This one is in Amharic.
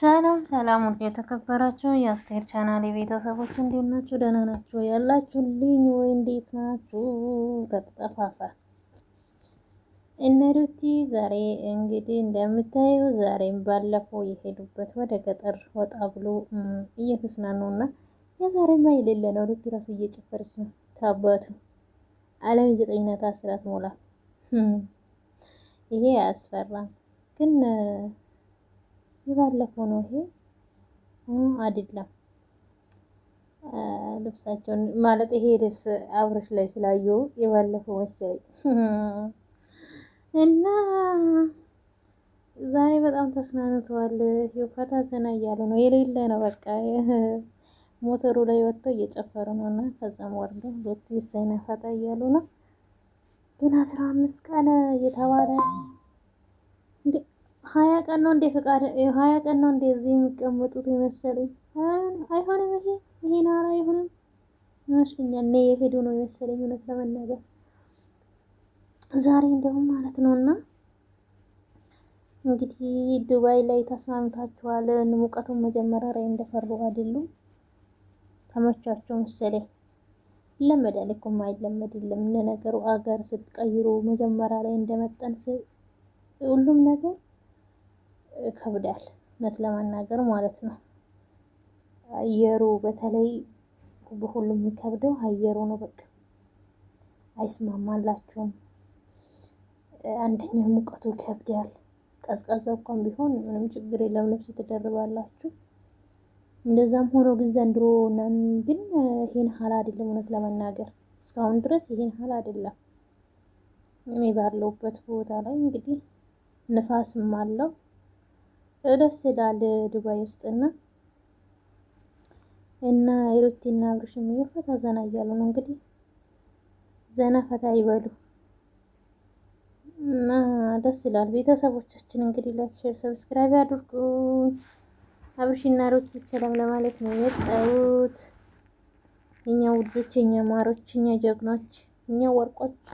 ሰላም ሰላም፣ ውድ የተከበራችሁ የአስቴር ቻናል የቤተሰቦች እንዴት ናችሁ? ደህና ናችሁ ያላችሁልኝ ወይ? እንዴት ናችሁ? ተጠፋፋ እነ ሩቲ ዛሬ እንግዲህ እንደምታየው ዛሬም ባለፈው የሄዱበት ወደ ገጠር ወጣ ብሎ እየተዝናኑ እና የዛሬማ የሌለ ነው። ሩቲ ራሱ እየጨፈረች ነው። ታባቱ አለም ዘጠኝነት አስራት ሞላ ይሄ አያስፈራም ግን የባለፈው ነው ይሄ አይደለም። ልብሳቸውን ማለት ይሄ ልብስ አብረሽ ላይ ስላየው የባለፈው መሰለኝ እና ዛሬ በጣም ተስናንተዋል። ፈታ ዘና እያሉ ነው። የሌለ ነው በቃ ሞተሩ ላይ ወጥተው እየጨፈሩ ነው እና ከዛም ወርዶ ሁለት ይሰና ፈታ እያሉ ነው። ግን አስራ አምስት ቀን እየተባለ ሀያ ቀን ነው እንደ ፈቃድ ሀያ ቀን ነው እንደ እዚህ የሚቀመጡት የመሰለኝ። አይሆንም፣ ይሄ ይሄ ናራ አይሆንም ይመስለኛል። እኔ የሄዱ ነው የመሰለኝ እውነት ለመናገር ዛሬ እንደውም ማለት ነው። እና እንግዲህ ዱባይ ላይ ተስማምታችኋል። ሙቀቱን መጀመሪያ ላይ እንደፈሩ አይደሉም። ተመቻቸው መሰለኝ። ይለመዳል እኮ ማይለመድ የለም። ለነገሩ አገር ስትቀይሩ መጀመሪያ ላይ እንደመጠን ሁሉም ነገር ከብዳል፣ እውነት ለመናገር ማለት ነው። አየሩ በተለይ በሁሉም የሚከብደው አየሩ ነው። በቃ አይስማማላችሁም። አንደኛ ሙቀቱ ይከብዳል። ቀዝቀዘው እንኳን ቢሆን ምንም ችግር የለም፣ ልብስ ትደርባላችሁ። እንደዛም ሆኖ ግን ዘንድሮ ግን ይህን ሀል አይደለም፣ እውነት ለመናገር እስካሁን ድረስ ይህን ሀል አይደለም። እኔ ባለሁበት ቦታ ላይ እንግዲህ ንፋስም አለው ደስ ይላል ዱባይ ውስጥና እና ሩቲና አብርሽም ፈታ ዘና እያሉ ነው እንግዲህ ዘና ፈታ ይበሉ እና ደስ ይላል። ቤተሰቦቻችን እንግዲህ ላይክ፣ ሼር፣ ሰብስክራይብ አድርጉ። አብርሽና ሩቲ ሰላም ለማለት ነው የመጣሁት። እኛ ውዶች፣ እኛ ማሮች፣ እኛ ጀግኖች፣ እኛ ወርቆች